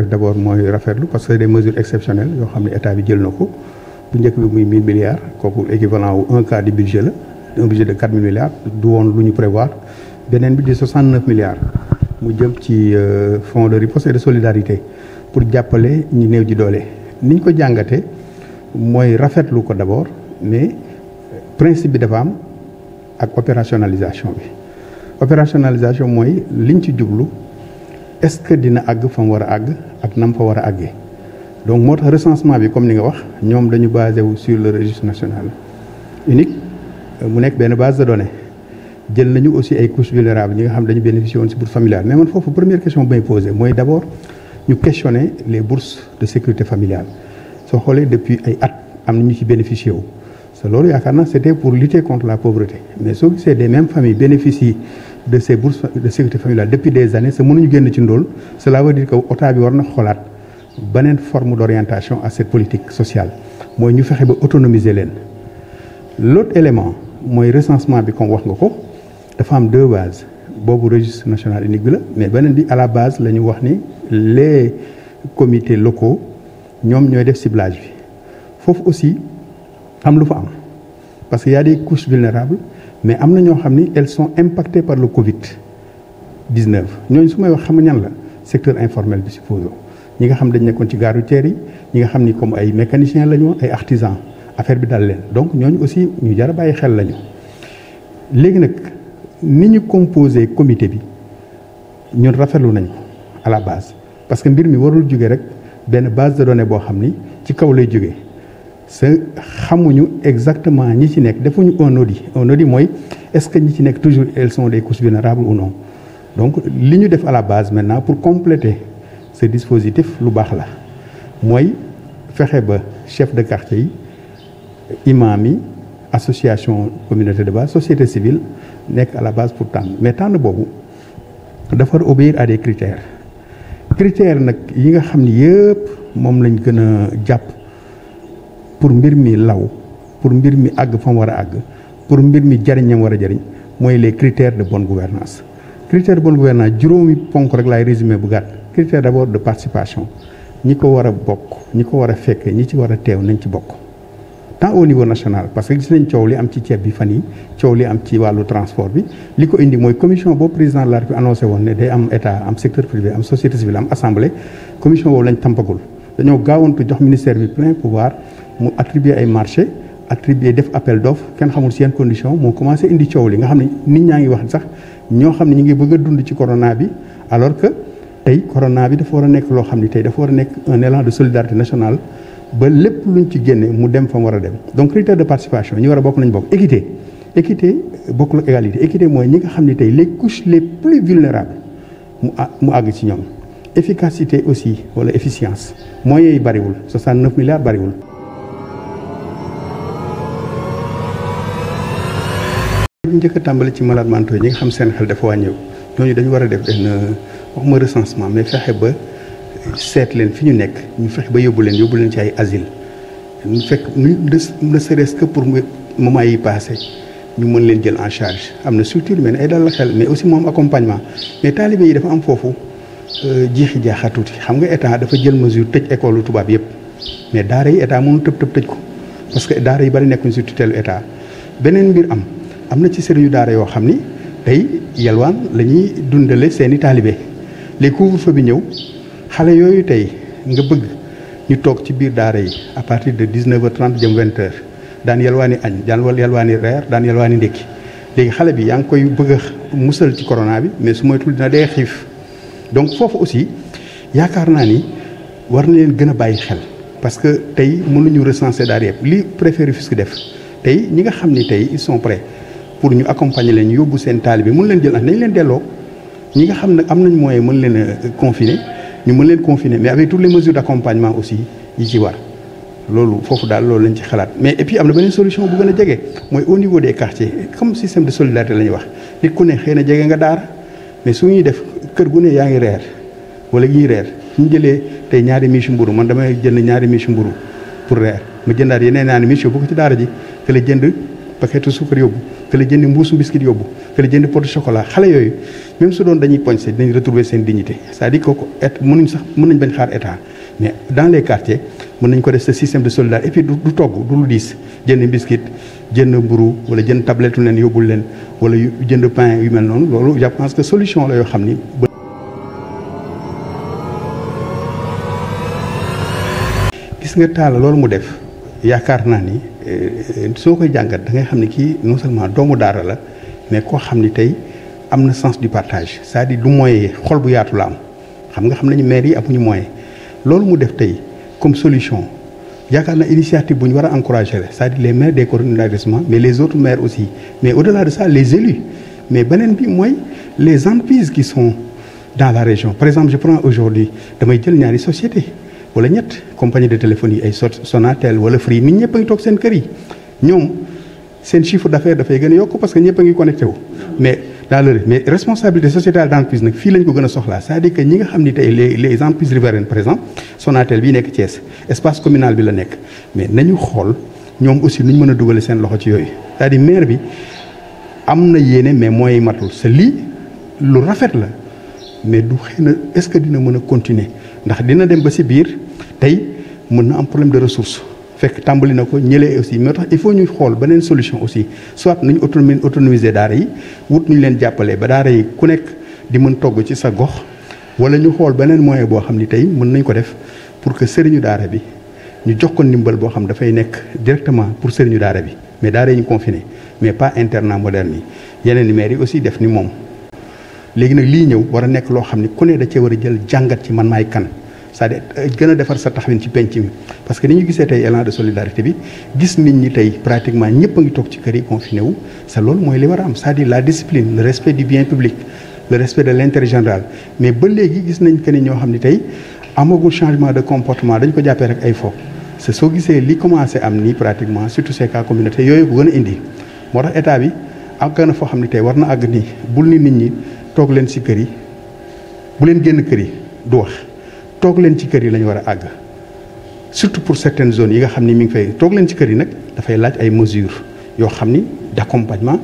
d'abord def d' rafetlu parce que des mesures exceptionnelles yoo xam ne état bi jël na ko bu njëkk bi muy 1000 milliards équivalent wu un quart du budget la un budget de 4 milliards du woon lu ñu prévoir beneen bi di 69 milliards mu jëm ci euh, fonds de riposte et de solidarité pour jàppale ñi néew ji doole niñ ko jàngatee mooy rafetlu ko d'abord mais principe bi dafa am ak opérationnalisation bi opérationnalisation liñ ci est-ce que dina àgg fam wara war ak nam fa donc notre recensement bi comme ni nga wax ñom dañu basé sur le registre national unique euh, mu avons une base de données jël nañu aussi ay couches vulnérables ñi nga xam dañu bénéficier woon Mais bourse familiale mais man la première question bi poser moy d'abord ñu questionner les bourses de sécurité familiale so xolé depuis ay at am na ñu ci bénéficier c'était pour lutter contre la pauvreté mais so c'est des mêmes familles bénéficient de ces bourses de sécurité familiale depuis des années sa mënuñu génn ci ndóol cela veut dire que état bi une na forme d'orientation à cette politique sociale moi ñu fexe autonomiser l'autre élément le recensement bi comme wax nga ko deux bases registre national unique mais beneen à la base les les comités locaux nous avons des ciblage Il faut aussi am lu parce qu'il y a des couches vulnérables mais amna ñoo xam ni elles sont impactées par le Covid 19 ñooñu su may wax xam ñan la secteur informel bi supposons ñi nga xam dañ nekkoon ci gare routière ñi nga xam ni comme ay mécanicien lañu ay artisans affaire bi dal leen donc ñooñu aussi ñu jar a bàyyi xel lañu ñu. léegi nag ni ñu composé comité bi ñun rafetlu nañ à la base parce que mbir mi warul jóge rek benn base de données boo xam ni ci kaw lay jóge c'est exactement ce ci nekk defuñu un audit un est-ce que ñi toujours elles sont des couches vulnérables ou non donc li ñu def à la base maintenant pour compléter ce dispositif c'est que la ferheb chef de quartier imamie imam association communauté de base société civile nekk à la base pour temps. mais tànn Il faut obéir à des critères critères nag yi nga xam ni yëpp lañ pour mbir mi law pour mbir mi àgg fa wara ag pour mbir mi jariñ ñam war jariñ mooy les critères de bonne gouvernance critères de bonne gouvernance juroomi ponk rek lay résumer bu gàtt critère d'abord de participation ñi ko war a bokk ñi ko war a fekke ñi ci war a nañ ci bok tant au niveau national parce que gis nañ coow li am ci ceeb bi fani yi li am ci walu transport bi liko indi moy commission bo président de la République annoncé won né day am état am secteur privé am société civile am assemblée commission bo lañ tampagul dañoo gaawantu jox ministère bi plein pouvoir mu attribuer ay marché attribuer def appel d'offre kenn xamul seen condition moo commencé indi coow li nga xam ne nit ñaa ngi wax sax ñoo xam ne ñu ngi bëgg a dund ci corona bi alors que tey corona bi dafa war a nekk loo xam ne tey dafa war a nekk un élan de solidarité nationale ba lépp luñ ci génne mu dem fa mu war a dem donc critère de participation ñu war a bokk nañ bokk équité équité bokkul ak égalité équité mooy ñi nga xam ne tey les couches les plus vulnérables mu mu àgg ci ñoom efficacité aussi wala efficience moyens yi bariwul 69 milliards bariwul njëkk a tàmbali ci malades mentaux ñi nga xam seen xel dafa wàññeeku ñooñu dañu war a def benn waxuma recensement mais fexe ba seet leen fi ñu nekk ñu fexe ba yóbbu leen yóbbu leen ci ay asile ñu fekk ñu ne serait-ce que pour moment yi passé ñu mën leen jël en charge am na structure mais ay dal xel mais aussi moom accompagnement mais taalibe yi dafa am foofu euh, jiixi jaaxa tuuti xam nga état dafa jël mesure tëj école tubaab yëpp mais daara yi état mënu tëb ko parce que daara yi bari nekkuñ ci tutelle état beneen mbir am amna ci sëriñu daara yo xamni tay tey lañuy dundale seen talibé les couvre-feu bi ñew xalé yoyu tay nga bëgg ñu tok ci biir daara yi à partir de 19h30 jëm 20h dan yelwani añ dan wal yelwani reer dan yelwani ndékki léegi xalé bi yaa ngi koy bëgg mussel ci corona bi mais su moytul dina day xif donc fofu aussi yaakar na ni war na leen gën a xel parce que tey mënuñu recenser daara yépp li préfet Rufisque def tay ñi nga xamni tay ils sont prêts pour ñu accompagner leen yóbbu seen taalibe mun leen jël ah nañ leen delloo ñi nga xam ne am nañ moyen mën leen euh, confiner ñu mën leen confiner mais avec toutes les mesures d'accompagnement aussi yi ci war loolu foofu daal loolu lañ ci xalaat mais et puis am na beneen solution bu gën a jege au niveau des quartiers comme système de solidarité la ñuy wax nit ku ne xëy na nga daara mais su ñuy def kër gu ne yaa ngi reer wala ñuy reer su ñu jëlee tey ñaari miche mburu man damay jënd ñaari miche pour reer ma jëndaat yeneen ñaari miche yóbbu ko ci daara ji te la jënd. paquetu suukar yóbbu kële jënd mbuusu biscuit yóbbu kële jënd pot de xale yooyu même su doon dañuy poñse dinañ retrouver seen dignité cest à ko ko kooku et mënuñ sax mën nañ bañ xaar état mais dans les quartiers mën nañ ko def sa système de solidarité et puis du togg du lu diis jënd biscuit jënd mburu wala jënd tablette leen yóbbul leen wala jënd pain yu mel noonu loolu je pense que solution la yoo xam ni gis nga taal loolu mu def yaakaar naa ni eh, eh, soo koy jàngat da ngay xam ne kii non seulement doomu daara la mais koo xam ni tey am na sens du partage c'est-à-dire du moyen xol bu yaatu la am xam nga xam nañu maire yi amuñu moyen loolu mu def tey comme solution yaakaar na initiative bu ñu war a encourager la c'est-à-dire les maires des communes d'arrondissement mais les autres maires aussi mais au-delà de ça les élus mais beneen bi mooy les entreprises qui sont dans la région par exemple je prends aujourd'hui damay jël ñaari société wala ñett compagnie de téléphone yi ay Sonatel wala Free nit ñëpp a ngi toog seen kër yi ñom seen chiffre d'affaires da fay gëna yokk parce que ñepp a ngi connecté wu. mais dans le mais responsabilité sociétale d'entreprise nak fi lañ ko gëna soxla ça dit que ñi nga xamni tay les les entreprises riveraines par exemple Sonatel bi nekk Thiès espace communal bi la nekk mais nañu xol ñom aussi nuñ mëna duggal seen loxo ci yoy c'est-à-dire maire bi amna na mais mooy matul sa li lu rafet la mais du xena est-ce que dina mëna continuer ndax dina dem ba ci bir tay mën na am problème de ressources fekk tàmbali na ko ñëlee aussi mais tax il faut ñu xool beneen solution aussi soit nañu ñu autonomi autonomiser daara yi wut ñu leen jàppalee ba daara yi ku nekk di mën togg ci sa gox wala ñu xool beneen moyen boo xam ni tey mën nañ ko def pour que sëriñu daara bi ñu jox ko ndimbal boo xam dafay nekk directement pour sëriñu daara bi mais daara yi ñu confiné mais pas internat moderne yi yeneen maire yi aussi def ni moom léegi nag lii ñëw war a nekk loo xam ni ku ne da cee war a jël jàngat ci man maay kan c'est-à-dire euh, gën a defar sa taxawin ci penc mi parce que ni ñu gisee tey élan de solidarité bi gis nit ñi tey pratiquement ñëpp ngi toog ci kër yi confiné wu sa loolu mooy li war a am c'est-à-dire la discipline le respect du bien public le respect de l'intérêt général mais ba léegi gis nañ que ni ñoo xam ne tey amagul changement de comportement dañ ko jàppee rek ay fo c'est soo gisee li commencé am nii pratiquement surtout ces cas communautaires yooyu ko gën a indi moo tax état bi ak gën a foo xam ne tey war na àgg nii bul ni nit ñi toog leen si kër yi bu leen génn kër yi du wax toog leen ci kër yi la ñu war a àgg surtout pour certaines zone yi nga xam ni mi ngi fay toog leen ci kër yi nag dafay laaj ay mesures yoo xam ni d'accompagnement